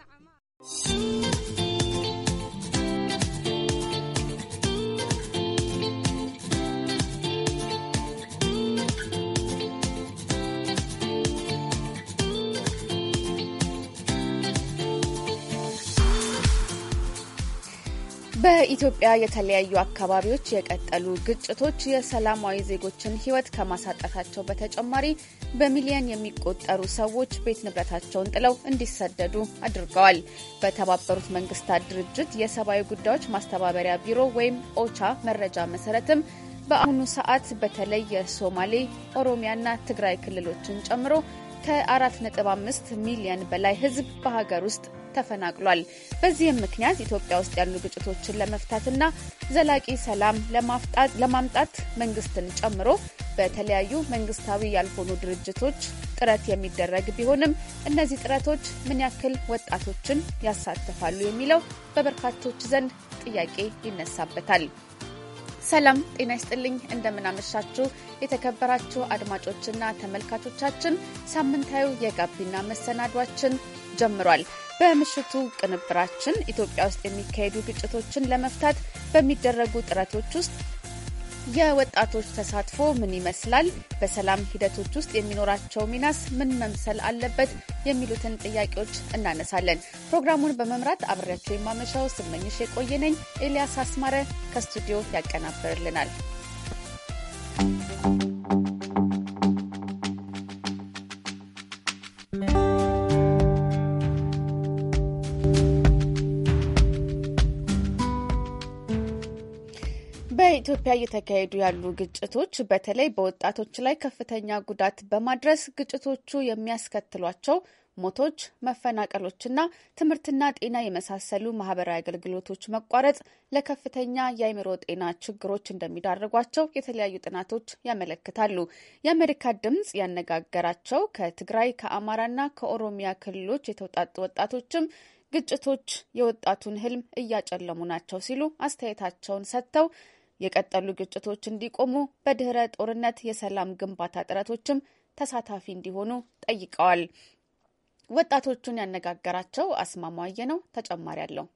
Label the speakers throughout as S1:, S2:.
S1: 咋嘛？
S2: በኢትዮጵያ የተለያዩ አካባቢዎች የቀጠሉ ግጭቶች የሰላማዊ ዜጎችን ሕይወት ከማሳጣታቸው በተጨማሪ በሚሊዮን የሚቆጠሩ ሰዎች ቤት ንብረታቸውን ጥለው እንዲሰደዱ አድርገዋል። በተባበሩት መንግስታት ድርጅት የሰብአዊ ጉዳዮች ማስተባበሪያ ቢሮ ወይም ኦቻ መረጃ መሰረትም በአሁኑ ሰዓት በተለይ የሶማሌ፣ ኦሮሚያና ትግራይ ክልሎችን ጨምሮ ከ4.5 ሚሊዮን በላይ ሕዝብ በሀገር ውስጥ ተፈናቅሏል። በዚህም ምክንያት ኢትዮጵያ ውስጥ ያሉ ግጭቶችን ለመፍታትና ዘላቂ ሰላም ለማምጣት መንግስትን ጨምሮ በተለያዩ መንግስታዊ ያልሆኑ ድርጅቶች ጥረት የሚደረግ ቢሆንም እነዚህ ጥረቶች ምን ያክል ወጣቶችን ያሳተፋሉ የሚለው በበርካቶች ዘንድ ጥያቄ ይነሳበታል። ሰላም ጤና ይስጥልኝ። እንደምናመሻችሁ የተከበራችሁ አድማጮችና ተመልካቾቻችን ሳምንታዊ የጋቢና መሰናዷችን ጀምሯል። በምሽቱ ቅንብራችን ኢትዮጵያ ውስጥ የሚካሄዱ ግጭቶችን ለመፍታት በሚደረጉ ጥረቶች ውስጥ የወጣቶች ተሳትፎ ምን ይመስላል? በሰላም ሂደቶች ውስጥ የሚኖራቸው ሚናስ ምን መምሰል አለበት? የሚሉትን ጥያቄዎች እናነሳለን። ፕሮግራሙን በመምራት አብሬያቸው የማመሻው ስመኝሽ የቆየ ነኝ። ኤልያስ አስማረ ከስቱዲዮ ያቀናበርልናል። በኢትዮጵያ እየተካሄዱ ያሉ ግጭቶች በተለይ በወጣቶች ላይ ከፍተኛ ጉዳት በማድረስ ግጭቶቹ የሚያስከትሏቸው ሞቶች፣ መፈናቀሎችና ትምህርትና ጤና የመሳሰሉ ማህበራዊ አገልግሎቶች መቋረጥ ለከፍተኛ የአእምሮ ጤና ችግሮች እንደሚዳርጓቸው የተለያዩ ጥናቶች ያመለክታሉ። የአሜሪካ ድምጽ ያነጋገራቸው ከትግራይ ከአማራና ከኦሮሚያ ክልሎች የተውጣጡ ወጣቶችም ግጭቶች የወጣቱን ህልም እያጨለሙ ናቸው ሲሉ አስተያየታቸውን ሰጥተው የቀጠሉ ግጭቶች እንዲቆሙ፣ በድህረ ጦርነት የሰላም ግንባታ ጥረቶችም ተሳታፊ እንዲሆኑ ጠይቀዋል። ወጣቶቹን ያነጋገራቸው አስማማየ ነው። ተጨማሪ አለው።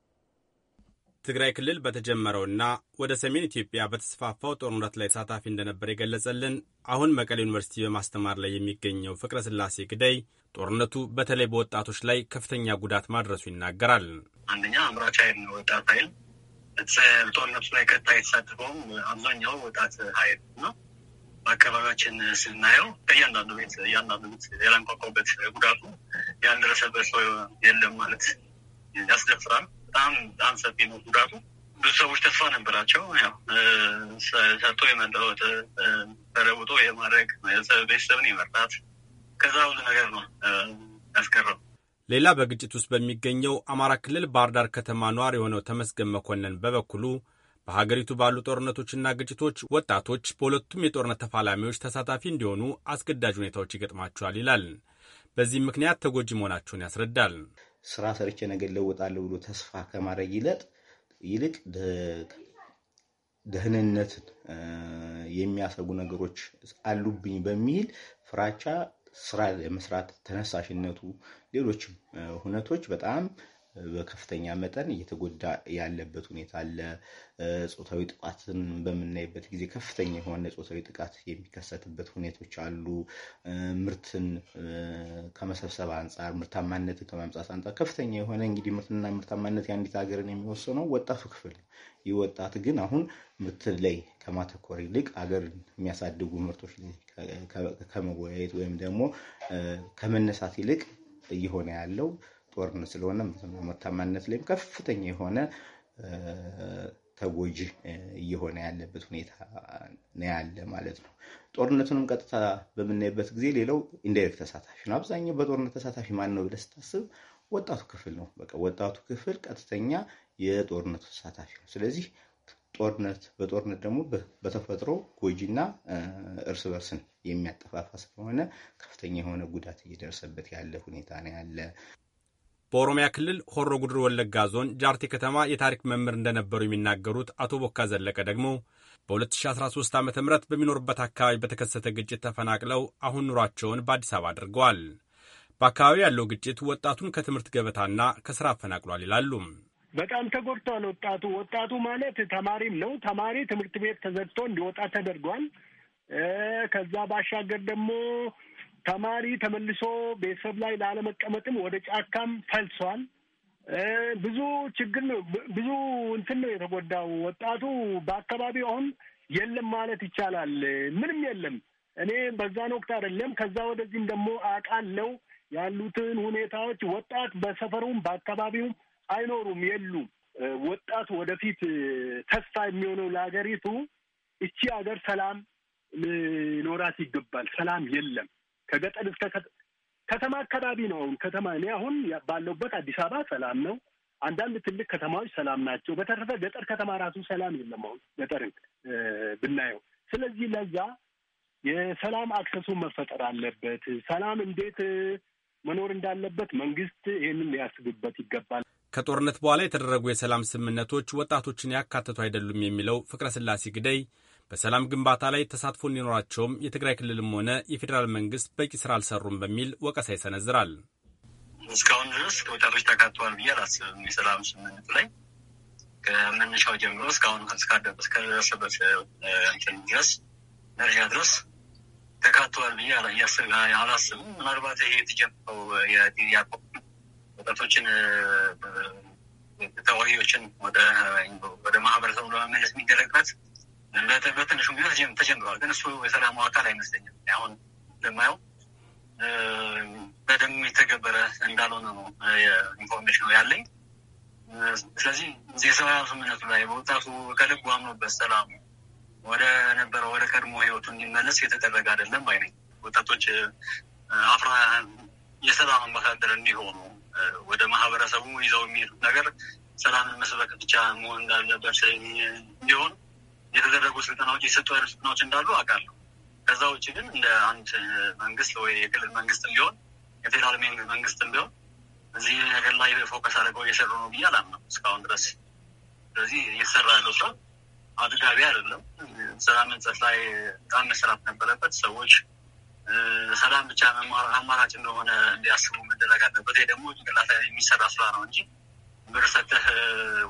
S3: ትግራይ ክልል በተጀመረውና ወደ ሰሜን ኢትዮጵያ በተስፋፋው ጦርነት ላይ ተሳታፊ እንደነበር የገለጸልን አሁን መቀሌ ዩኒቨርሲቲ በማስተማር ላይ የሚገኘው ፍቅረ ስላሴ ግዳይ ጦርነቱ በተለይ በወጣቶች ላይ ከፍተኛ ጉዳት ማድረሱ ይናገራል።
S4: አንደኛ አምራች ኃይል ወጣት ኃይል ጦርነቱ ላይ ቀጥታ የተሳተፈውም አብዛኛው ወጣት ሀይል ነው። በአካባቢያችን ስናየው እያንዳንዱ ቤት እያንዳንዱ ቤት ያላንቋቋበት ጉዳቱ ያልደረሰበት ሰው የለም ማለት ያስደፍራል። በጣም በጣም ሰፊ ነው ጉዳቱ። ብዙ ሰዎች ተስፋ ነበራቸው። ያው ሰጥቶ የመለወጥ ተለውጦ የማድረግ
S3: ቤተሰብን የመርዳት ከዛ ሁሉ ነገር ነው ያስቀረው። ሌላ በግጭት ውስጥ በሚገኘው አማራ ክልል ባህር ዳር ከተማ ኗር የሆነው ተመስገን መኮንን በበኩሉ በሀገሪቱ ባሉ ጦርነቶችና ግጭቶች ወጣቶች በሁለቱም የጦርነት ተፋላሚዎች ተሳታፊ እንዲሆኑ አስገዳጅ ሁኔታዎች ይገጥማቸዋል ይላል። በዚህም ምክንያት ተጎጂ መሆናቸውን ያስረዳል።
S5: ስራ ሰርቼ ነገ ለወጣለሁ ብሎ ተስፋ ከማድረግ ይለጥ ይልቅ ደህንነት የሚያሰጉ ነገሮች አሉብኝ በሚል ፍራቻ ስራ ለመስራት ተነሳሽነቱ ሌሎችም ሁነቶች በጣም በከፍተኛ መጠን እየተጎዳ ያለበት ሁኔታ አለ። ጾታዊ ጥቃትን በምናይበት ጊዜ ከፍተኛ የሆነ ጾታዊ ጥቃት የሚከሰትበት ሁኔቶች አሉ። ምርትን ከመሰብሰብ አንጻር፣ ምርታማነትን ከማምጣት አንጻር ከፍተኛ የሆነ እንግዲህ ምርትና ምርታማነት የአንዲት ሀገርን የሚወስነው ወጣቱ ክፍል ነው። ይህ ወጣት ግን አሁን ምርት ላይ ከማተኮር ይልቅ አገርን የሚያሳድጉ ምርቶች ላይ ከመወያየት ወይም ደግሞ ከመነሳት ይልቅ እየሆነ ያለው ጦርነት ስለሆነ ምርታማነት ላይም ከፍተኛ የሆነ ተጎጂ እየሆነ ያለበት ሁኔታ ነው ያለ ማለት ነው። ጦርነቱንም ቀጥታ በምናይበት ጊዜ ሌላው ኢንዳይሬክት ተሳታፊ ነው። አብዛኛው በጦርነት ተሳታፊ ማን ነው ብለህ ስታስብ ወጣቱ ክፍል ነው። በቃ ወጣቱ ክፍል ቀጥተኛ የጦርነቱ ተሳታፊ ነው። ስለዚህ ጦርነት በጦርነት ደግሞ በተፈጥሮ ጎጂና እርስ በርስን
S3: የሚያጠፋፋ ስለሆነ ከፍተኛ የሆነ ጉዳት እየደረሰበት ያለ ሁኔታ ነው ያለ። በኦሮሚያ ክልል ሆሮ ጉድር ወለጋ ዞን ጃርቴ ከተማ የታሪክ መምህር እንደነበሩ የሚናገሩት አቶ ቦካ ዘለቀ ደግሞ በ2013 ዓ ም በሚኖሩበት አካባቢ በተከሰተ ግጭት ተፈናቅለው አሁን ኑሯቸውን በአዲስ አበባ አድርገዋል። በአካባቢው ያለው ግጭት ወጣቱን ከትምህርት ገበታና ከስራ አፈናቅሏል ይላሉ።
S6: በጣም ተጎድቷል ወጣቱ። ወጣቱ ማለት ተማሪም ነው። ተማሪ ትምህርት ቤት ተዘግቶ እንዲወጣ ተደርጓል። ከዛ ባሻገር ደግሞ ተማሪ ተመልሶ ቤተሰብ ላይ ላለመቀመጥም ወደ ጫካም ፈልሷል። ብዙ ችግር ነው፣ ብዙ እንትን ነው የተጎዳው ወጣቱ። በአካባቢው አሁን የለም ማለት ይቻላል፣ ምንም የለም። እኔ በዛን ወቅት አይደለም ከዛ ወደዚህም ደግሞ አውቃለሁ ያሉትን ሁኔታዎች። ወጣት በሰፈሩም በአካባቢውም አይኖሩም፣ የሉም። ወጣቱ ወደፊት ተስፋ የሚሆነው ለሀገሪቱ እቺ ሀገር ሰላም ሊኖራት ይገባል። ሰላም የለም። ከገጠር እስከ ከተማ አካባቢ ነው። አሁን ከተማ እኔ አሁን ባለውበት አዲስ አበባ ሰላም ነው። አንዳንድ ትልቅ ከተማዎች ሰላም ናቸው። በተረፈ ገጠር ከተማ ራሱ ሰላም የለም። አሁን ገጠርን ብናየው፣ ስለዚህ ለዛ የሰላም አክሰሱ መፈጠር አለበት። ሰላም እንዴት መኖር እንዳለበት መንግስት ይህንን ሊያስብበት ይገባል።
S3: ከጦርነት በኋላ የተደረጉ የሰላም ስምምነቶች ወጣቶችን ያካተቱ አይደሉም የሚለው ፍቅረ ስላሴ ግደይ በሰላም ግንባታ ላይ ተሳትፎ እንዲኖራቸውም የትግራይ ክልልም ሆነ የፌዴራል መንግስት በቂ ስራ አልሰሩም በሚል ወቀሳ ይሰነዝራል።
S4: እስካሁን ድረስ ወጣቶች ተካተዋል ብዬ አላስብም። የሰላም ስምምነቱ ላይ ከመነሻው ጀምሮ እስካሁን እስከደረሰበት እንትን ድረስ መረጃ ድረስ ተካተዋል ብዬ አላስብም። ምናልባት ይሄ የተጀመረው ወጣቶችን ተወያዮችን ወደ ማህበረሰቡ ለመመለስ የሚደረግበት በትንሹ ቢሆን ተጀምረዋል። ግን እሱ የሰላሙ አካል አይመስለኝም። አሁን እንደማየው በደንብ የተገበረ እንዳልሆነ ነው ኢንፎርሜሽኑ ያለኝ። ስለዚህ የሰብአዊ ስምምነቱ ላይ በወጣቱ ከልቡ አምኖበት ሰላሙ ወደ ነበረው ወደ ቀድሞ ህይወቱ እንዲመለስ የተደረገ አይደለም አይነኝ ወጣቶች አፍራ የሰላም አምባሳደር እንዲሆኑ ወደ ማህበረሰቡ ይዘው የሚሄዱት ነገር ሰላም መስበክ ብቻ መሆን እንዳለበት እንዲሆን የተደረጉ ስልጠናዎች የሰጡ ያሉ ስልጠናዎች እንዳሉ አውቃለሁ። ከዛ ውጭ ግን እንደ አንድ መንግስት ወይ የክልል መንግስት ቢሆን የፌዴራል መንግስት ቢሆን እዚህ ነገር ላይ ፎከስ አድርገው እየሰሩ ነው ብዬ አላምነው እስካሁን ድረስ። ስለዚህ እየተሰራ ያለው ስራ አድጋቢ አይደለም። ሰላምን መንጸት ላይ በጣም መሰራት ነበረበት ሰዎች ሰላም ብቻ አማራጭ እንደሆነ እንዲያስቡ መደረግ አለበት። ይህ ደግሞ ጭንቅላት የሚሰራ ስራ ነው እንጂ ብር ሰተህ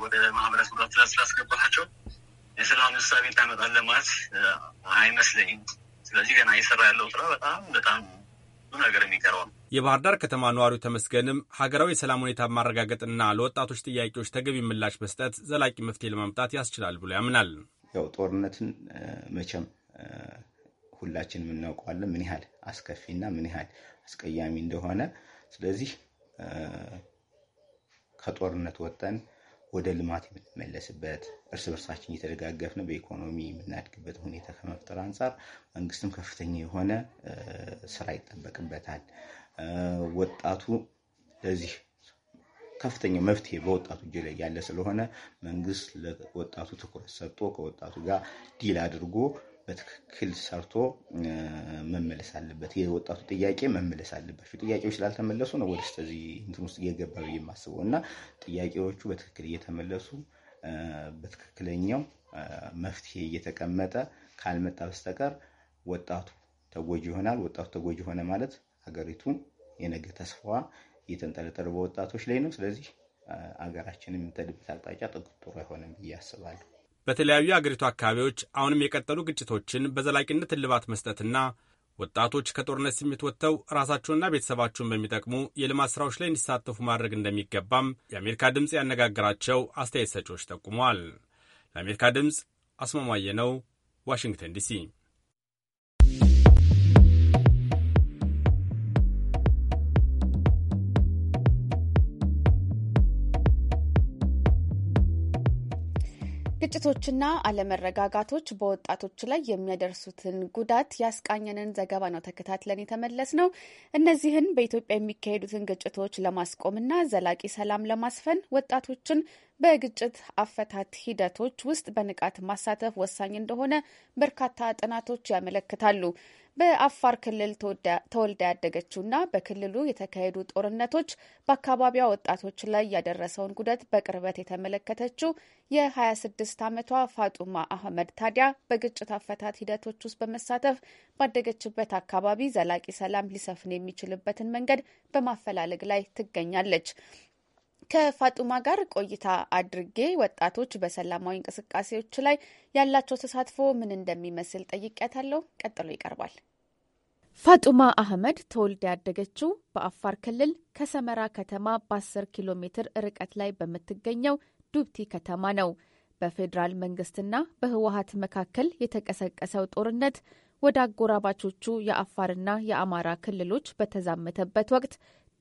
S4: ወደ ማህበረሰቡ ስላስገባቸው የሰላም እሳቤ ታመጣለህ ማለት አይመስለኝም።
S3: ስለዚህ ገና እየሰራ ያለው ስራ በጣም በጣም ብዙ ነገር የሚቀረው ነው። የባህር ዳር ከተማ ነዋሪው ተመስገንም ሀገራዊ የሰላም ሁኔታ ማረጋገጥና ለወጣቶች ጥያቄዎች ተገቢ ምላሽ መስጠት ዘላቂ መፍትሄ ለማምጣት ያስችላል ብሎ ያምናል።
S5: ያው ጦርነትን መቼም ሁላችንም እናውቀዋለን ምን ያህል አስከፊና ምን ያህል አስቀያሚ እንደሆነ። ስለዚህ ከጦርነት ወጠን ወደ ልማት የምንመለስበት እርስ በርሳችን እየተደጋገፍን በኢኮኖሚ የምናድግበት ሁኔታ ከመፍጠር አንጻር መንግስትም ከፍተኛ የሆነ ስራ ይጠበቅበታል። ወጣቱ ለዚህ ከፍተኛ መፍትሄ በወጣቱ እጅ ላይ ያለ ስለሆነ መንግስት ለወጣቱ ትኩረት ሰጥቶ ከወጣቱ ጋር ዲል አድርጎ በትክክል ሰርቶ መመለስ አለበት። የወጣቱ ጥያቄ መመለስ አለባቸው። ጥያቄዎች ስላልተመለሱ ነው ወደ ስተዚህ እንትን ውስጥ እየገባ ብዬ የማስበው እና ጥያቄዎቹ በትክክል እየተመለሱ በትክክለኛው መፍትሄ እየተቀመጠ ካልመጣ በስተቀር ወጣቱ ተጎጂ ይሆናል። ወጣቱ ተጎጂ ሆነ ማለት ሀገሪቱን የነገ ተስፋዋ እየተንጠለጠለ በወጣቶች ላይ ነው። ስለዚህ አገራችንም የምትሄድበት አቅጣጫ ጥሩ አይሆንም ብዬ አስባለሁ።
S3: በተለያዩ የአገሪቱ አካባቢዎች አሁንም የቀጠሉ ግጭቶችን በዘላቂነት እልባት መስጠትና ወጣቶች ከጦርነት ስሜት ወጥተው ራሳቸውንና ቤተሰባቸውን በሚጠቅሙ የልማት ስራዎች ላይ እንዲሳተፉ ማድረግ እንደሚገባም የአሜሪካ ድምፅ ያነጋገራቸው አስተያየት ሰጪዎች ጠቁመዋል። ለአሜሪካ ድምፅ አስማማየ ነው፣ ዋሽንግተን ዲሲ
S2: ግጭቶችና አለመረጋጋቶች በወጣቶች ላይ የሚያደርሱትን ጉዳት ያስቃኘንን ዘገባ ነው ተከታትለን የተመለስ ነው። እነዚህን በኢትዮጵያ የሚካሄዱትን ግጭቶች ለማስቆምና ዘላቂ ሰላም ለማስፈን ወጣቶችን በግጭት አፈታት ሂደቶች ውስጥ በንቃት ማሳተፍ ወሳኝ እንደሆነ በርካታ ጥናቶች ያመለክታሉ። በአፋር ክልል ተወልዳ ያደገችውና በክልሉ የተካሄዱ ጦርነቶች በአካባቢዋ ወጣቶች ላይ ያደረሰውን ጉዳት በቅርበት የተመለከተችው የ26 ዓመቷ ፋጡማ አህመድ ታዲያ በግጭት አፈታት ሂደቶች ውስጥ በመሳተፍ ባደገችበት አካባቢ ዘላቂ ሰላም ሊሰፍን የሚችልበትን መንገድ በማፈላለግ ላይ ትገኛለች። ከፋጡማ ጋር ቆይታ አድርጌ ወጣቶች በሰላማዊ እንቅስቃሴዎች ላይ ያላቸው ተሳትፎ ምን እንደሚመስል ጠይቄያታለሁ። ቀጥሎ ይቀርባል። ፋጡማ አህመድ ተወልዳ ያደገችው በአፋር ክልል ከሰመራ ከተማ በ10 ኪሎ ሜትር ርቀት ላይ በምትገኘው ዱብቲ ከተማ ነው። በፌዴራል መንግስትና በህወሀት መካከል የተቀሰቀሰው ጦርነት ወደ አጎራባቾቹ የአፋርና የአማራ ክልሎች በተዛመተበት ወቅት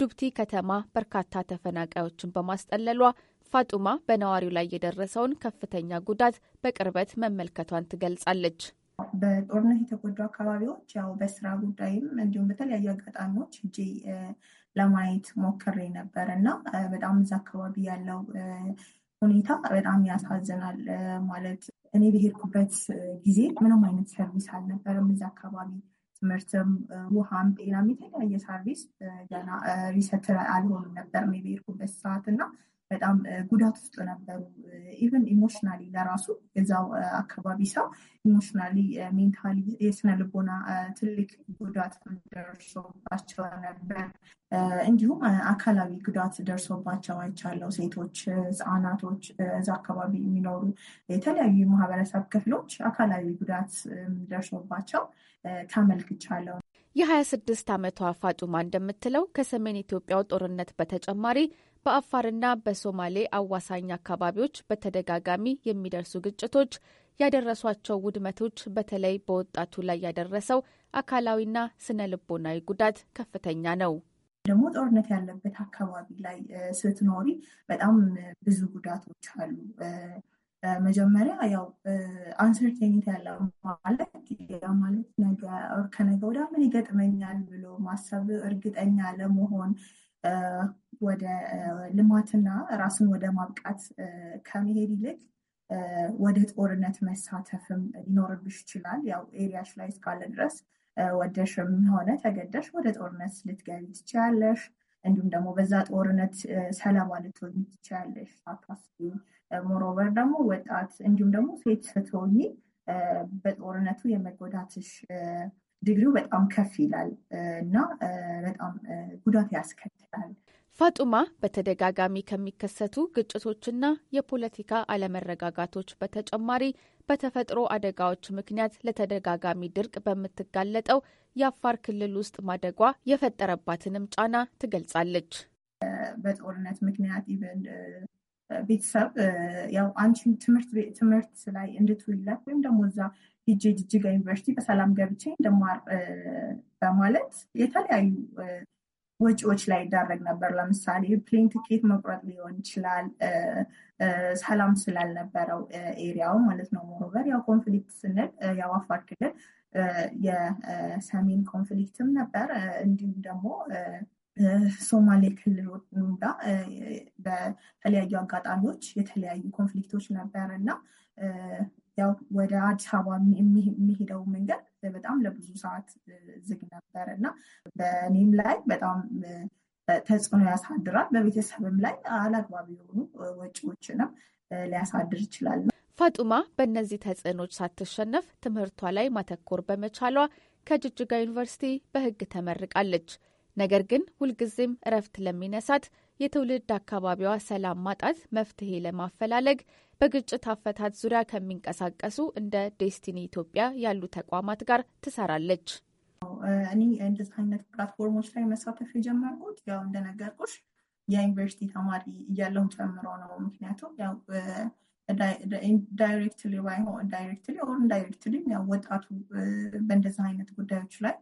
S2: ዱብቲ ከተማ በርካታ ተፈናቃዮችን በማስጠለሏ ፋጡማ በነዋሪው ላይ የደረሰውን ከፍተኛ ጉዳት በቅርበት መመልከቷን ትገልጻለች።
S7: በጦርነት የተጎዱ አካባቢዎች ያው በስራ ጉዳይም እንዲሁም በተለያዩ አጋጣሚዎች እጅ ለማየት ሞክሬ ነበር እና በጣም እዛ አካባቢ ያለው ሁኔታ በጣም ያሳዝናል። ማለት እኔ በሄድኩበት ጊዜ ምንም አይነት ሰርቪስ አልነበረም እዛ አካባቢ ትምህርትም፣ ውሃም፣ ጤናም የተለያየ ሰርቪስ ገና ሪሰትር አልሆኑም ነበር ሜይ የሄድኩበት ሰዓት እና በጣም ጉዳት ውስጥ ነበሩ። ኢቨን ኢሞሽናሊ ለራሱ የዛው አካባቢ ሰው ኢሞሽናሊ፣ ሜንታሊ የስነ ልቦና ትልቅ ጉዳት ደርሶባቸው ነበር። እንዲሁም አካላዊ ጉዳት ደርሶባቸው አይቻለው። ሴቶች፣ ህፃናቶች፣ እዛ አካባቢ የሚኖሩ የተለያዩ የማህበረሰብ ክፍሎች አካላዊ ጉዳት ደርሶባቸው ተመልክቻለሁ።
S2: የ26 ዓመቷ ፋጡማ እንደምትለው ከሰሜን ኢትዮጵያው ጦርነት በተጨማሪ በአፋርና በሶማሌ አዋሳኝ አካባቢዎች በተደጋጋሚ የሚደርሱ ግጭቶች ያደረሷቸው ውድመቶች በተለይ በወጣቱ ላይ ያደረሰው አካላዊና ስነ ልቦናዊ ጉዳት ከፍተኛ ነው።
S7: ደግሞ ጦርነት ያለበት አካባቢ ላይ ስትኖሪ በጣም ብዙ ጉዳቶች አሉ። መጀመሪያ ያው አንሰርቴኒቲ ያለው ማለት ማለት ነገ ከነገ ወዲያ ምን ይገጥመኛል ብሎ ማሰብ፣ እርግጠኛ ለመሆን ወደ ልማትና ራስን ወደ ማብቃት ከመሄድ ይልቅ ወደ ጦርነት መሳተፍም ሊኖርብሽ ይችላል። ያው ኤሪያሽ ላይ እስካለ ድረስ ወደሽም ሆነ ተገደሽ ወደ ጦርነት ልትገቢ ትችያለሽ። እንዲሁም ደግሞ በዛ ጦርነት ሰላማ ልትሆኝ ትችያለሽ ሳታስቢው። ሞሮቨር ደግሞ ወጣት እንዲሁም ደግሞ ሴት ስትሆኚ በጦርነቱ የመጎዳትሽ ዲግሪው በጣም ከፍ
S2: ይላል እና በጣም ጉዳት ያስከትላል። ፋጡማ በተደጋጋሚ ከሚከሰቱ ግጭቶችና የፖለቲካ አለመረጋጋቶች በተጨማሪ በተፈጥሮ አደጋዎች ምክንያት ለተደጋጋሚ ድርቅ በምትጋለጠው የአፋር ክልል ውስጥ ማደጓ የፈጠረባትንም ጫና ትገልጻለች።
S7: በጦርነት ምክንያት ኢቨን ቤተሰብ ያው አንቺን ትምህርት ላይ እንድትውይላት ወይም ደግሞ እዛ ሂጄ ጅጅጋ ዩኒቨርሲቲ በሰላም ገብቼ እንደማር በማለት የተለያዩ ወጪዎች ላይ ይዳረግ ነበር። ለምሳሌ ፕሌን ቲኬት መቁረጥ ሊሆን ይችላል። ሰላም ስላልነበረው ኤሪያው ማለት ነው። ሞሮቨር ያው ኮንፍሊክት ስንል ያው አፋር ክልል የሰሜን ኮንፍሊክትም ነበር እንዲሁም ደግሞ ሶማሌ ክልል በተለያዩ አጋጣሚዎች የተለያዩ ኮንፍሊክቶች ነበር እና ያው ወደ አዲስ አበባ የሚሄደው መንገድ በጣም ለብዙ ሰዓት ዝግ ነበር እና በእኔም ላይ በጣም ተጽዕኖ ያሳድራል። በቤተሰብም
S2: ላይ አላግባብ የሆኑ ወጪዎችንም ሊያሳድር ይችላል። ፋጡማ በእነዚህ ተጽዕኖች ሳትሸነፍ ትምህርቷ ላይ ማተኮር በመቻሏ ከጅጅጋ ዩኒቨርሲቲ በሕግ ተመርቃለች። ነገር ግን ሁልጊዜም እረፍት ለሚነሳት የትውልድ አካባቢዋ ሰላም ማጣት መፍትሄ ለማፈላለግ በግጭት አፈታት ዙሪያ ከሚንቀሳቀሱ እንደ ዴስቲኒ ኢትዮጵያ ያሉ ተቋማት ጋር ትሰራለች። እኔ
S7: እንደዚህ አይነት ፕላትፎርሞች ላይ መሳተፍ የጀመርኩት ያው እንደነገርኩሽ የዩኒቨርሲቲ ተማሪ እያለሁ ጨምሮ ነው። ምክንያቱም ዳይሬክትሊ ባይሆን ዳይሬክትሊ ኦር ኢንዳይሬክትሊ ወጣቱ በእንደዚህ አይነት ጉዳዮች ላይ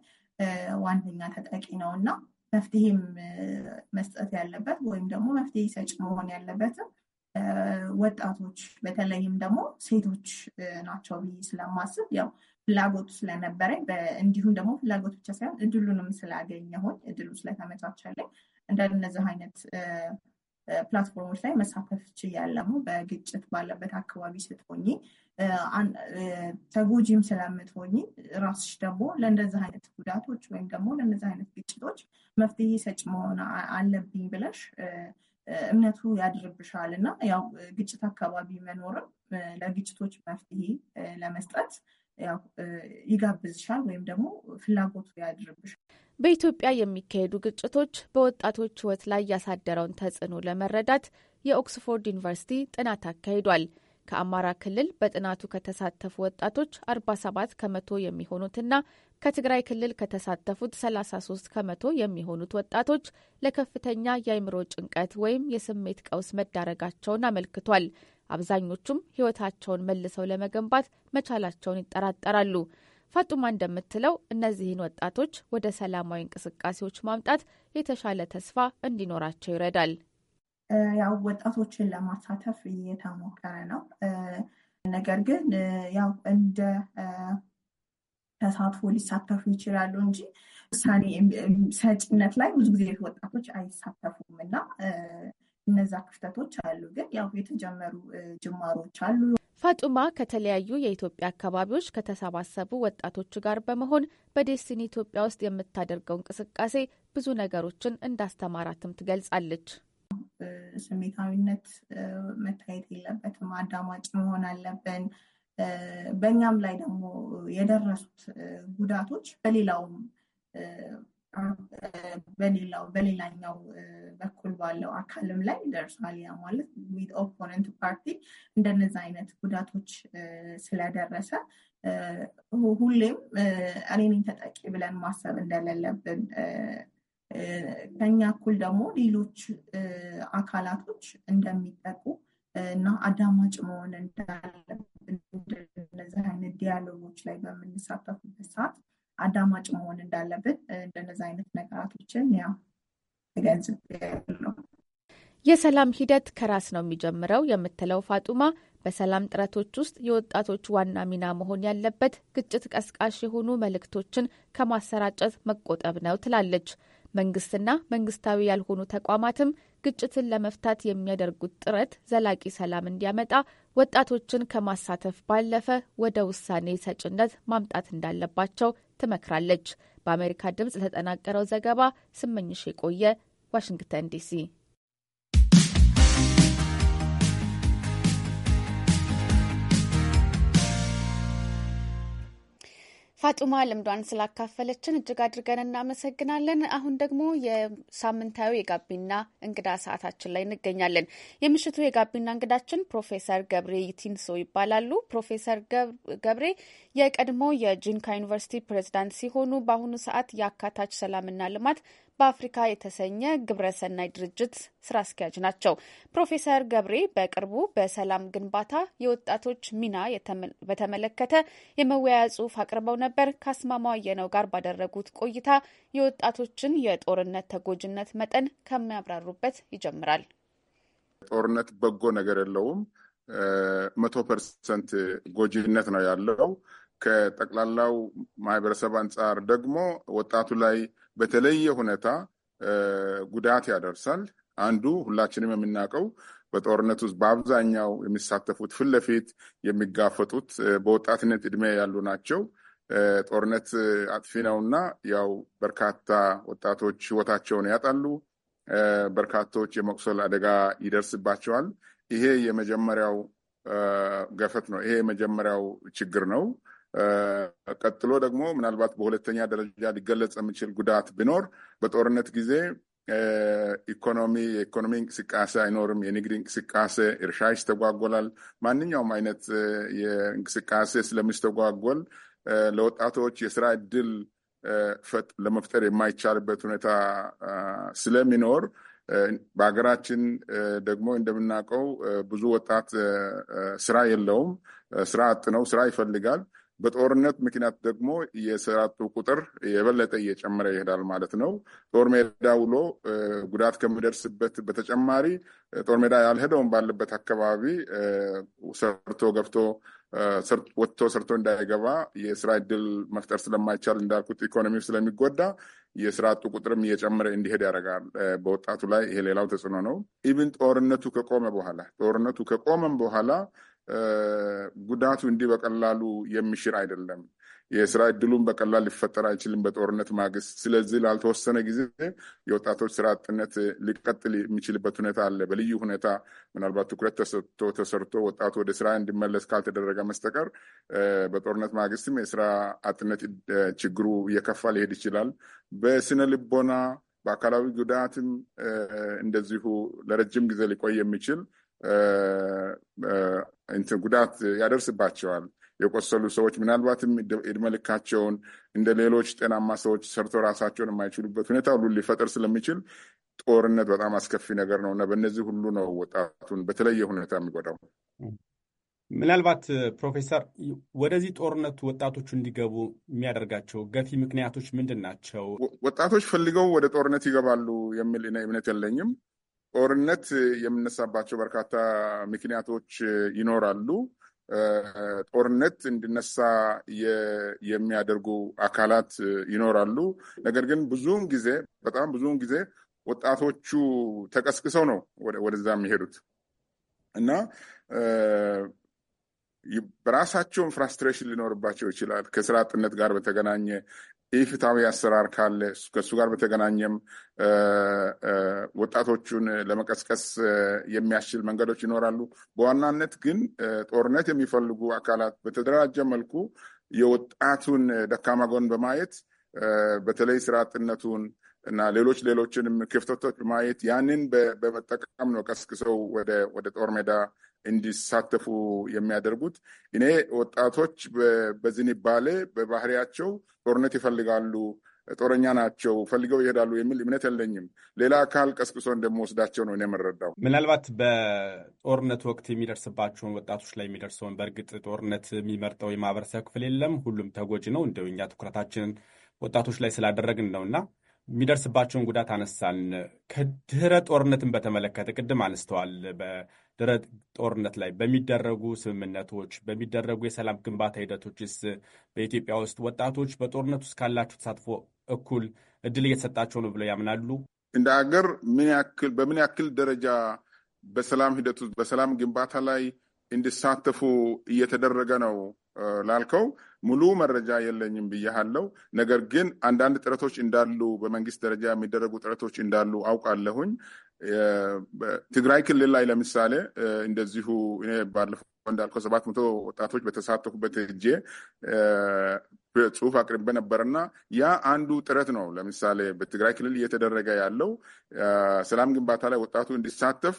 S7: ዋነኛ ተጠቂ ነው እና መፍትሄም መስጠት ያለበት ወይም ደግሞ መፍትሄ ሰጭ መሆን ያለበትም ወጣቶች በተለይም ደግሞ ሴቶች ናቸው ብዬ ስለማስብ ያው ፍላጎቱ ስለነበረኝ እንዲሁም ደግሞ ፍላጎት ብቻ ሳይሆን እድሉንም ስላገኘሁኝ እድሉ ስለተመቻቸልኝ እንደነዚህ አይነት ፕላትፎርሞች ላይ መሳተፍ ችያለሁ። በግጭት ባለበት አካባቢ ስትሆኝ ተጎጂም ስለምትሆኝ ራስሽ ደግሞ ለእንደዚህ አይነት ጉዳቶች ወይም ደግሞ ለእንደዚህ አይነት ግጭቶች መፍትሄ ሰጭ መሆን አለብኝ ብለሽ እምነቱ ያድርብሻል እና ያው ግጭት አካባቢ መኖርም ለግጭቶች መፍትሄ ለመስጠት ይጋብዝሻል ወይም ደግሞ ፍላጎቱ ያድርብሻል።
S2: በኢትዮጵያ የሚካሄዱ ግጭቶች በወጣቶች ሕይወት ላይ ያሳደረውን ተጽዕኖ ለመረዳት የኦክስፎርድ ዩኒቨርሲቲ ጥናት አካሂዷል። ከአማራ ክልል በጥናቱ ከተሳተፉ ወጣቶች 47 ከመቶ የሚሆኑትና ከትግራይ ክልል ከተሳተፉት 33 ከመቶ የሚሆኑት ወጣቶች ለከፍተኛ የአይምሮ ጭንቀት ወይም የስሜት ቀውስ መዳረጋቸውን አመልክቷል። አብዛኞቹም ሕይወታቸውን መልሰው ለመገንባት መቻላቸውን ይጠራጠራሉ። ፋጡማ እንደምትለው እነዚህን ወጣቶች ወደ ሰላማዊ እንቅስቃሴዎች ማምጣት የተሻለ ተስፋ እንዲኖራቸው ይረዳል።
S7: ያው ወጣቶችን ለማሳተፍ እየተሞከረ ነው። ነገር ግን ያው እንደ ተሳትፎ ሊሳተፉ ይችላሉ እንጂ ውሳኔ ሰጭነት ላይ ብዙ ጊዜ ወጣቶች አይሳተፉም እና እነዛ ክፍተቶች አሉ። ግን ያው የተጀመሩ ጅማሮች
S2: አሉ። ፋጡማ ከተለያዩ የኢትዮጵያ አካባቢዎች ከተሰባሰቡ ወጣቶች ጋር በመሆን በዴስቲኒ ኢትዮጵያ ውስጥ የምታደርገው እንቅስቃሴ ብዙ ነገሮችን እንዳስተማራትም ትገልጻለች።
S7: ስሜታዊነት መታየት የለበትም። አዳማጭ መሆን አለብን። በእኛም ላይ ደግሞ የደረሱት ጉዳቶች በሌላውም በሌላው በሌላኛው በኩል ባለው አካልም ላይ ደርሷል። ያ ማለት ዊት ኦፖነንት ፓርቲ እንደነዚ አይነት ጉዳቶች ስለደረሰ ሁሌም እኔ ተጠቂ ብለን ማሰብ እንደሌለብን ከኛ እኩል ደግሞ ሌሎች አካላቶች እንደሚጠቁ እና አዳማጭ መሆን እንዳለብን እንደነዚህ አይነት ዲያሎጎች ላይ በምንሳተፉበት ሰዓት አዳማጭ መሆን እንዳለብን
S2: እንደነዚህ አይነት
S7: ነገራቶችን ያው ተገንዝቤያለሁ።
S2: የሰላም ሂደት ከራስ ነው የሚጀምረው የምትለው ፋጡማ በሰላም ጥረቶች ውስጥ የወጣቶች ዋና ሚና መሆን ያለበት ግጭት ቀስቃሽ የሆኑ መልእክቶችን ከማሰራጨት መቆጠብ ነው ትላለች። መንግስትና መንግስታዊ ያልሆኑ ተቋማትም ግጭትን ለመፍታት የሚያደርጉት ጥረት ዘላቂ ሰላም እንዲያመጣ ወጣቶችን ከማሳተፍ ባለፈ ወደ ውሳኔ ሰጭነት ማምጣት እንዳለባቸው ትመክራለች። በአሜሪካ ድምፅ ለተጠናቀረው ዘገባ ስመኝሽ የቆየ ዋሽንግተን ዲሲ ፋጡማ ልምዷን ስላካፈለችን እጅግ አድርገን እናመሰግናለን። አሁን ደግሞ የሳምንታዊ የጋቢና እንግዳ ሰዓታችን ላይ እንገኛለን። የምሽቱ የጋቢና እንግዳችን ፕሮፌሰር ገብሬ ይቲንሶ ይባላሉ። ፕሮፌሰር ገብሬ የቀድሞ የጂንካ ዩኒቨርሲቲ ፕሬዝዳንት ሲሆኑ በአሁኑ ሰዓት የአካታች ሰላምና ልማት በአፍሪካ የተሰኘ ግብረሰናይ ድርጅት ስራ አስኪያጅ ናቸው። ፕሮፌሰር ገብሬ በቅርቡ በሰላም ግንባታ የወጣቶች ሚና በተመለከተ የመወያያ ጽሁፍ አቅርበው ነበር። ከአስማማው አየነው ጋር ባደረጉት ቆይታ የወጣቶችን የጦርነት ተጎጂነት መጠን ከሚያብራሩበት ይጀምራል።
S1: ጦርነት በጎ ነገር የለውም። መቶ ፐርሰንት ጎጂነት ነው ያለው። ከጠቅላላው ማህበረሰብ አንጻር ደግሞ ወጣቱ ላይ በተለየ ሁኔታ ጉዳት ያደርሳል። አንዱ ሁላችንም የምናውቀው በጦርነት ውስጥ በአብዛኛው የሚሳተፉት ፊት ለፊት የሚጋፈጡት በወጣትነት እድሜ ያሉ ናቸው። ጦርነት አጥፊ ነውና ያው በርካታ ወጣቶች ህይወታቸውን ያጣሉ። በርካቶች የመቁሰል አደጋ ይደርስባቸዋል። ይሄ የመጀመሪያው ገፈት ነው። ይሄ የመጀመሪያው ችግር ነው። ቀጥሎ ደግሞ ምናልባት በሁለተኛ ደረጃ ሊገለጽ የሚችል ጉዳት ቢኖር በጦርነት ጊዜ ኢኮኖሚ የኢኮኖሚ እንቅስቃሴ አይኖርም። የንግድ እንቅስቃሴ፣ እርሻ ይስተጓጎላል። ማንኛውም አይነት የእንቅስቃሴ ስለሚስተጓጎል ለወጣቶች የስራ እድል ለመፍጠር የማይቻልበት ሁኔታ ስለሚኖር በሀገራችን ደግሞ እንደምናውቀው ብዙ ወጣት ስራ የለውም፣ ስራ አጥ ነው፣ ስራ ይፈልጋል። በጦርነት ምክንያት ደግሞ የስራጡ ቁጥር የበለጠ እየጨመረ ይሄዳል ማለት ነው። ጦር ሜዳ ውሎ ጉዳት ከሚደርስበት በተጨማሪ ጦር ሜዳ ያልሄደውን ባለበት አካባቢ ሰርቶ ገብቶ ወጥቶ ሰርቶ እንዳይገባ የስራ እድል መፍጠር ስለማይቻል እንዳልኩት ኢኮኖሚ ስለሚጎዳ የስራ አጡ ቁጥርም እየጨመረ እንዲሄድ ያደርጋል በወጣቱ ላይ። ይሄ ሌላው ተጽዕኖ ነው። ኢብን ጦርነቱ ከቆመ በኋላ ጦርነቱ ከቆመም በኋላ ጉዳቱ እንዲህ በቀላሉ የሚሽር አይደለም። የስራ እድሉን በቀላል ሊፈጠር አይችልም በጦርነት ማግስት። ስለዚህ ላልተወሰነ ጊዜ የወጣቶች ስራ አጥነት ሊቀጥል የሚችልበት ሁኔታ አለ። በልዩ ሁኔታ ምናልባት ትኩረት ተሰጥቶ ተሰርቶ ወጣቱ ወደ ስራ እንዲመለስ ካልተደረገ መስተቀር በጦርነት ማግስትም የስራ አጥነት ችግሩ እየከፋ ሊሄድ ይችላል። በስነ ልቦና፣ በአካላዊ ጉዳትም እንደዚሁ ለረጅም ጊዜ ሊቆይ የሚችል ጉዳት ያደርስባቸዋል። የቆሰሉ ሰዎች ምናልባትም እድሜ ልካቸውን እንደ ሌሎች ጤናማ ሰዎች ሰርቶ ራሳቸውን የማይችሉበት ሁኔታ ሁሉ ሊፈጠር ስለሚችል ጦርነት በጣም አስከፊ ነገር ነው እና በእነዚህ ሁሉ ነው ወጣቱን በተለየ ሁኔታ የሚጎዳው።
S3: ምናልባት ፕሮፌሰር ወደዚህ ጦርነቱ ወጣቶቹ እንዲገቡ የሚያደርጋቸው ገፊ ምክንያቶች ምንድን ናቸው?
S1: ወጣቶች ፈልገው ወደ ጦርነት ይገባሉ የሚል እምነት የለኝም። ጦርነት የምነሳባቸው በርካታ ምክንያቶች ይኖራሉ። ጦርነት እንዲነሳ የሚያደርጉ አካላት ይኖራሉ። ነገር ግን ብዙውን ጊዜ በጣም ብዙውን ጊዜ ወጣቶቹ ተቀስቅሰው ነው ወደዛ የሚሄዱት እና በራሳቸውን ፍራስትሬሽን ሊኖርባቸው ይችላል። ከስራ አጥነት ጋር በተገናኘ ኢፍትሐዊ አሰራር ካለ ከእሱ ጋር በተገናኘም ወጣቶቹን ለመቀስቀስ የሚያስችል መንገዶች ይኖራሉ። በዋናነት ግን ጦርነት የሚፈልጉ አካላት በተደራጀ መልኩ የወጣቱን ደካማ ጎን በማየት በተለይ ስራ አጥነቱን እና ሌሎች ሌሎችንም ክፍተቶች በማየት ያንን በመጠቀም ነው ቀስቅሰው ወደ ጦር ሜዳ እንዲሳተፉ የሚያደርጉት። እኔ ወጣቶች በዝንባሌ በባህሪያቸው ጦርነት ይፈልጋሉ፣ ጦረኛ ናቸው፣ ፈልገው ይሄዳሉ የሚል እምነት የለኝም። ሌላ አካል ቀስቅሶ እንደመወስዳቸው ነው የምረዳው። ምናልባት
S3: በጦርነት ወቅት የሚደርስባቸውን ወጣቶች ላይ የሚደርሰውን በእርግጥ ጦርነት የሚመርጠው የማህበረሰብ ክፍል የለም፣ ሁሉም ተጎጂ ነው። እንደው እኛ ትኩረታችንን ወጣቶች ላይ ስላደረግን እና የሚደርስባቸውን ጉዳት አነሳን። ከድህረ ጦርነትን በተመለከተ ቅድም አነስተዋል። ድረት ጦርነት ላይ በሚደረጉ ስምምነቶች በሚደረጉ የሰላም ግንባታ ሂደቶችስ በኢትዮጵያ ውስጥ ወጣቶች በጦርነት ውስጥ ካላቸው ተሳትፎ እኩል
S1: እድል እየተሰጣቸው ነው ብለው ያምናሉ? እንደ አገር በምን ያክል ደረጃ በሰላም ሂደቱ በሰላም ግንባታ ላይ እንዲሳተፉ እየተደረገ ነው ላልከው ሙሉ መረጃ የለኝም ብያሃለው። ነገር ግን አንዳንድ ጥረቶች እንዳሉ በመንግስት ደረጃ የሚደረጉ ጥረቶች እንዳሉ አውቃለሁኝ። ትግራይ ክልል ላይ ለምሳሌ እንደዚሁ እኔ ባለፈው እንዳልከው ሰባት መቶ ወጣቶች በተሳተፉበት እጄ ጽሁፍ አቅርቤ ነበርና ያ አንዱ ጥረት ነው። ለምሳሌ በትግራይ ክልል እየተደረገ ያለው ሰላም ግንባታ ላይ ወጣቱ እንዲሳተፍ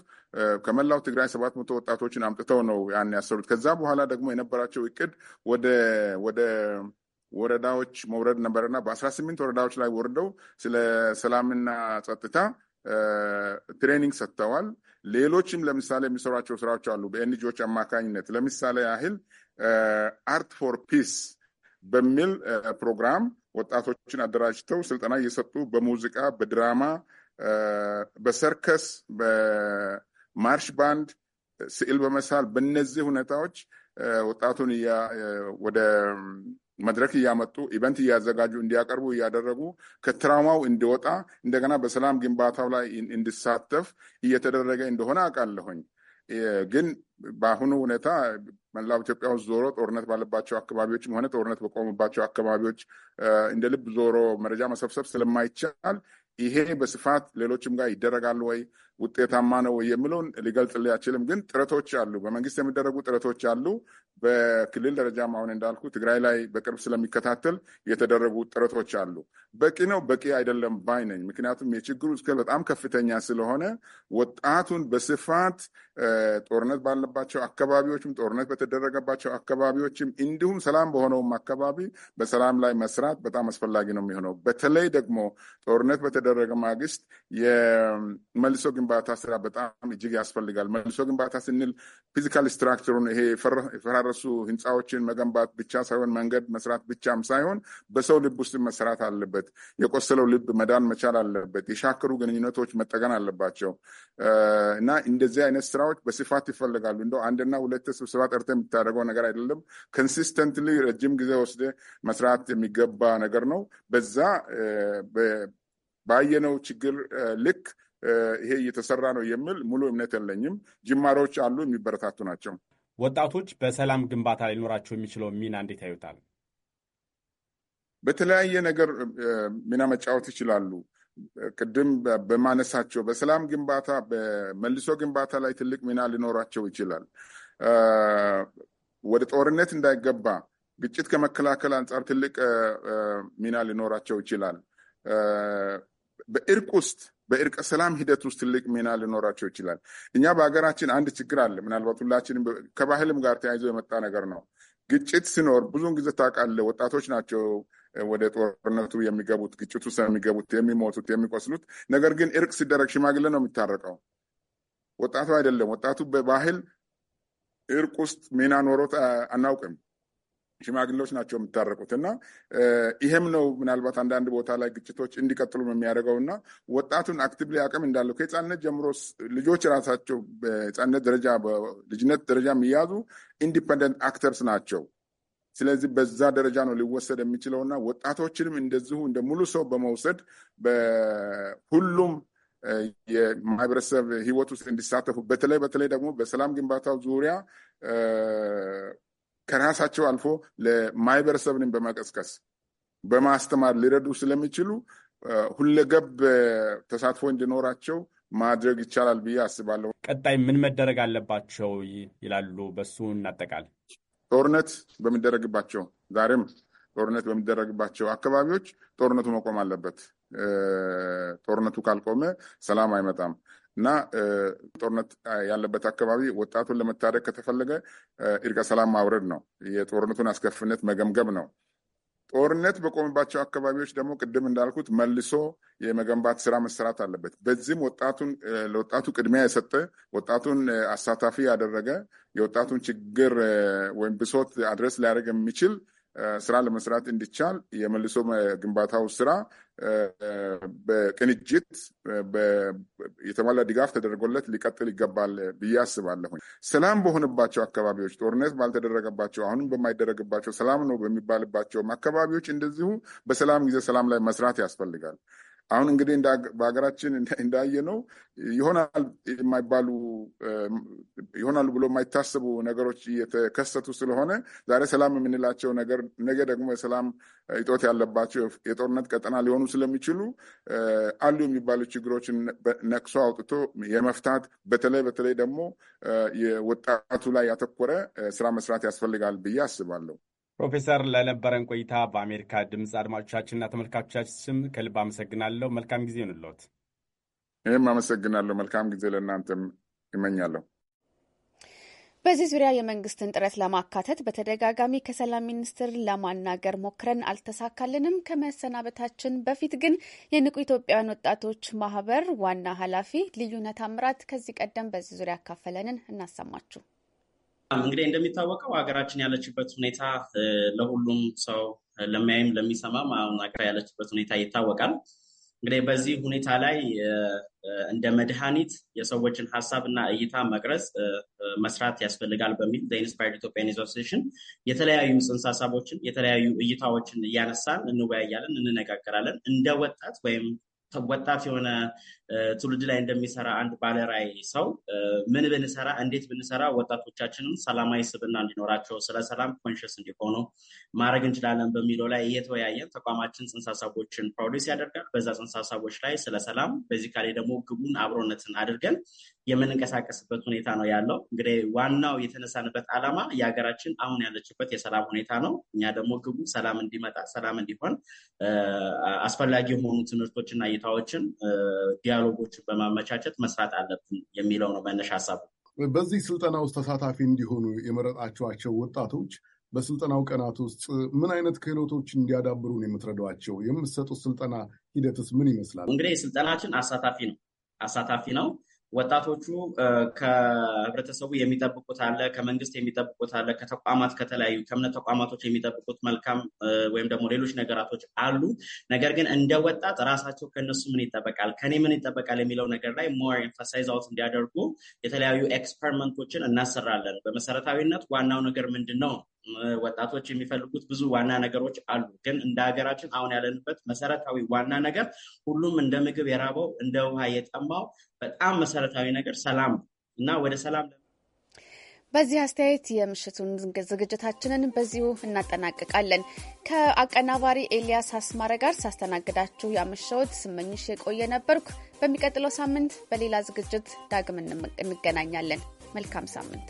S1: ከመላው ትግራይ ሰባት መቶ ወጣቶችን አምጥተው ነው ያን ያሰሩት። ከዛ በኋላ ደግሞ የነበራቸው እቅድ ወደ ወደ ወረዳዎች መውረድ ነበርና በአስራ ስምንት ወረዳዎች ላይ ወርደው ስለ ሰላምና ጸጥታ ትሬኒንግ ሰጥተዋል። ሌሎችም ለምሳሌ የሚሰሯቸው ስራዎች አሉ። በኤንጂኦች አማካኝነት ለምሳሌ ያህል አርት ፎር ፒስ በሚል ፕሮግራም ወጣቶችን አደራጅተው ስልጠና እየሰጡ በሙዚቃ፣ በድራማ፣ በሰርከስ፣ በማርሽ ባንድ፣ ስዕል በመሳል በነዚህ ሁኔታዎች ወጣቱን ወደ መድረክ እያመጡ ኢቨንት እያዘጋጁ እንዲያቀርቡ እያደረጉ ከትራውማው እንዲወጣ እንደገና በሰላም ግንባታው ላይ እንዲሳተፍ እየተደረገ እንደሆነ አውቃለሁኝ። ግን በአሁኑ ሁኔታ መላው ኢትዮጵያ ውስጥ ዞሮ ጦርነት ባለባቸው አካባቢዎችም ሆነ ጦርነት በቆሙባቸው አካባቢዎች እንደ ልብ ዞሮ መረጃ መሰብሰብ ስለማይቻል ይሄ በስፋት ሌሎችም ጋር ይደረጋል ወይ ውጤታማ ነው የሚለውን ሊገልጽልህ አይችልም። ግን ጥረቶች አሉ፣ በመንግስት የሚደረጉ ጥረቶች አሉ። በክልል ደረጃም አሁን እንዳልኩ ትግራይ ላይ በቅርብ ስለሚከታተል የተደረጉ ጥረቶች አሉ። በቂ ነው በቂ አይደለም ባይ ነኝ። ምክንያቱም የችግሩ እስከ በጣም ከፍተኛ ስለሆነ ወጣቱን በስፋት ጦርነት ባለባቸው አካባቢዎችም ጦርነት በተደረገባቸው አካባቢዎችም እንዲሁም ሰላም በሆነውም አካባቢ በሰላም ላይ መስራት በጣም አስፈላጊ ነው የሚሆነው። በተለይ ደግሞ ጦርነት በተደረገ ማግስት የመልሶ ግንባታ ስራ በጣም እጅግ ያስፈልጋል። መልሶ ግንባታ ስንል ፊዚካል ስትራክቸሩን ይሄ የፈራረሱ ህንፃዎችን መገንባት ብቻ ሳይሆን መንገድ መስራት ብቻም ሳይሆን በሰው ልብ ውስጥ መሰራት አለበት። የቆሰለው ልብ መዳን መቻል አለበት። የሻከሩ ግንኙነቶች መጠገን አለባቸው እና እንደዚህ አይነት ስራዎች በስፋት ይፈልጋሉ። እንደው አንድና ሁለት ስብሰባ ጠርተ የምታደርገው ነገር አይደለም። ኮንሲስተንትሊ ረጅም ጊዜ ወስደ መስራት የሚገባ ነገር ነው። በዛ ባየነው ችግር ልክ ይሄ እየተሰራ ነው የሚል ሙሉ እምነት የለኝም። ጅማሮች አሉ፣ የሚበረታቱ ናቸው።
S3: ወጣቶች በሰላም ግንባታ ሊኖራቸው የሚችለው
S1: ሚና እንዴት ያዩታል? በተለያየ ነገር ሚና መጫወት ይችላሉ። ቅድም በማነሳቸው በሰላም ግንባታ፣ በመልሶ ግንባታ ላይ ትልቅ ሚና ሊኖራቸው ይችላል። ወደ ጦርነት እንዳይገባ ግጭት ከመከላከል አንጻር ትልቅ ሚና ሊኖራቸው ይችላል። በእርቅ ውስጥ በእርቀ ሰላም ሂደት ውስጥ ትልቅ ሚና ሊኖራቸው ይችላል። እኛ በሀገራችን አንድ ችግር አለ። ምናልባት ሁላችንም ከባህልም ጋር ተያይዞ የመጣ ነገር ነው። ግጭት ሲኖር ብዙውን ጊዜ ታውቃለህ፣ ወጣቶች ናቸው ወደ ጦርነቱ የሚገቡት፣ ግጭቱ ውስጥ የሚገቡት፣ የሚሞቱት፣ የሚቆስሉት። ነገር ግን እርቅ ሲደረግ ሽማግሌ ነው የሚታረቀው፣ ወጣቱ አይደለም። ወጣቱ በባህል እርቅ ውስጥ ሚና ኖሮት አናውቅም። ሽማግሌዎች ናቸው የሚታረቁት እና ይሄም ነው ምናልባት አንዳንድ ቦታ ላይ ግጭቶች እንዲቀጥሉ ነው የሚያደርገው እና ወጣቱን አክቲቭሊ አቅም እንዳለው ከህፃንነት ጀምሮ ልጆች ራሳቸው በህፃንነት ደረጃ በልጅነት ደረጃ የሚያዙ ኢንዲፐንደንት አክተርስ ናቸው። ስለዚህ በዛ ደረጃ ነው ሊወሰድ የሚችለው እና ወጣቶችንም እንደዚሁ እንደ ሙሉ ሰው በመውሰድ በሁሉም የማህበረሰብ ህይወት ውስጥ እንዲሳተፉ በተለይ በተለይ ደግሞ በሰላም ግንባታው ዙሪያ ከራሳቸው አልፎ ለማህበረሰብንም በመቀስቀስ በማስተማር ሊረዱ ስለሚችሉ ሁለገብ ተሳትፎ እንዲኖራቸው ማድረግ ይቻላል ብዬ አስባለሁ። ቀጣይ ምን
S3: መደረግ አለባቸው ይላሉ? በሱ እናጠቃል።
S1: ጦርነት በሚደረግባቸው ዛሬም ጦርነት በሚደረግባቸው አካባቢዎች ጦርነቱ መቆም አለበት። ጦርነቱ ካልቆመ ሰላም አይመጣም። እና ጦርነት ያለበት አካባቢ ወጣቱን ለመታደግ ከተፈለገ እርቀ ሰላም ማውረድ ነው። የጦርነቱን አስከፊነት መገምገም ነው። ጦርነት በቆመባቸው አካባቢዎች ደግሞ ቅድም እንዳልኩት መልሶ የመገንባት ስራ መሰራት አለበት። በዚህም ወጣቱን ለወጣቱ ቅድሚያ የሰጠ ወጣቱን አሳታፊ ያደረገ የወጣቱን ችግር ወይም ብሶት አድረስ ሊያደርግ የሚችል ስራ ለመስራት እንዲቻል የመልሶ ግንባታው ስራ በቅንጅት የተሟላ ድጋፍ ተደርጎለት ሊቀጥል ይገባል ብዬ አስባለሁ ሰላም በሆነባቸው አካባቢዎች ጦርነት ባልተደረገባቸው አሁንም በማይደረግባቸው ሰላም ነው በሚባልባቸውም አካባቢዎች እንደዚሁ በሰላም ጊዜ ሰላም ላይ መስራት ያስፈልጋል። አሁን እንግዲህ በሀገራችን እንዳየ ነው ይሆናል የማይባሉ ይሆናሉ ብሎ የማይታሰቡ ነገሮች እየተከሰቱ ስለሆነ ዛሬ ሰላም የምንላቸው ነገር ነገ ደግሞ የሰላም እጦት ያለባቸው የጦርነት ቀጠና ሊሆኑ ስለሚችሉ አሉ የሚባሉ ችግሮችን ነቅሶ አውጥቶ የመፍታት በተለይ በተለይ ደግሞ የወጣቱ ላይ ያተኮረ ስራ መስራት ያስፈልጋል ብዬ አስባለሁ።
S3: ፕሮፌሰር ለነበረን ቆይታ በአሜሪካ ድምፅ አድማጮቻችንና ተመልካቾቻችን ስም ከልብ
S1: አመሰግናለሁ። መልካም ጊዜ ይሁንልዎት። ይህም አመሰግናለሁ። መልካም ጊዜ ለእናንተም ይመኛለሁ።
S2: በዚህ ዙሪያ የመንግስትን ጥረት ለማካተት በተደጋጋሚ ከሰላም ሚኒስትር ለማናገር ሞክረን አልተሳካልንም። ከመሰናበታችን በፊት ግን የንቁ ኢትዮጵያውያን ወጣቶች ማህበር ዋና ኃላፊ ልዩነት አምራት ከዚህ ቀደም በዚህ ዙሪያ ያካፈለንን እናሰማችሁ።
S8: እንግዲህ እንደሚታወቀው ሀገራችን ያለችበት ሁኔታ ለሁሉም ሰው ለሚያይም ለሚሰማም አሁን ሀገር ያለችበት ሁኔታ ይታወቃል። እንግዲህ በዚህ ሁኔታ ላይ እንደ መድኃኒት የሰዎችን ሀሳብ እና እይታ መቅረጽ መስራት ያስፈልጋል በሚል ኢንስፓየርድ ኢትዮጵያን አሶሲዬሽን የተለያዩ ጽንሰ ሀሳቦችን የተለያዩ እይታዎችን እያነሳን እንወያያለን፣ እንነጋገራለን። እንደ ወጣት ወይም ወጣት የሆነ ትውልድ ላይ እንደሚሰራ አንድ ባለራይ ሰው ምን ብንሰራ እንዴት ብንሰራ ወጣቶቻችንም ሰላማዊ ስብና እንዲኖራቸው ስለ ሰላም ኮንሽስ እንዲሆኑ ማድረግ እንችላለን በሚለው ላይ እየተወያየን ተቋማችን ጽንሰ ሀሳቦችን ፕሮዲስ ያደርጋል። በዛ ጽንሰ ሀሳቦች ላይ ስለ ሰላም፣ በዚህ ካሌ ደግሞ ግቡን አብሮነትን አድርገን የምንንቀሳቀስበት ሁኔታ ነው ያለው። እንግዲህ ዋናው የተነሳንበት ዓላማ የሀገራችን አሁን ያለችበት የሰላም ሁኔታ ነው። እኛ ደግሞ ግቡ ሰላም እንዲመጣ ሰላም እንዲሆን አስፈላጊ የሆኑ ትምህርቶችና እይታዎችን፣ ዲያሎጎችን በማመቻቸት መስራት አለብን የሚለው ነው መነሻ
S1: ሀሳቡ። በዚህ ስልጠና ውስጥ ተሳታፊ እንዲሆኑ የመረጣቸዋቸው ወጣቶች በስልጠናው ቀናት ውስጥ ምን አይነት ክህሎቶች እንዲያዳብሩ ነው የምትረዷቸው? የምትሰጡት ስልጠና ሂደትስ ምን ይመስላል? እንግዲህ
S8: ስልጠናችን አሳታፊ ነው አሳታፊ ነው ወጣቶቹ ከህብረተሰቡ የሚጠብቁት አለ፣ ከመንግስት የሚጠብቁት አለ፣ ከተቋማት ከተለያዩ ከእምነት ተቋማቶች የሚጠብቁት መልካም ወይም ደግሞ ሌሎች ነገራቶች አሉ። ነገር ግን እንደ ወጣት ራሳቸው ከነሱ ምን ይጠበቃል፣ ከኔ ምን ይጠበቃል የሚለው ነገር ላይ ሞር ኤንፈሳይዝ አውት እንዲያደርጉ የተለያዩ ኤክስፐሪመንቶችን እናሰራለን። በመሰረታዊነት ዋናው ነገር ምንድን ነው ወጣቶች የሚፈልጉት ብዙ ዋና ነገሮች አሉ። ግን እንደ ሀገራችን አሁን ያለንበት መሰረታዊ ዋና ነገር ሁሉም እንደ ምግብ የራበው እንደ ውሃ የጠማው በጣም መሰረታዊ ነገር ሰላም እና ወደ ሰላም
S2: በዚህ አስተያየት የምሽቱን ዝግጅታችንን በዚሁ እናጠናቅቃለን። ከአቀናባሪ ኤልያስ አስማረ ጋር ሳስተናግዳችሁ ያመሸሁት ስመኝሽ የቆየ ነበርኩ። በሚቀጥለው ሳምንት በሌላ ዝግጅት ዳግም እንገናኛለን። መልካም ሳምንት።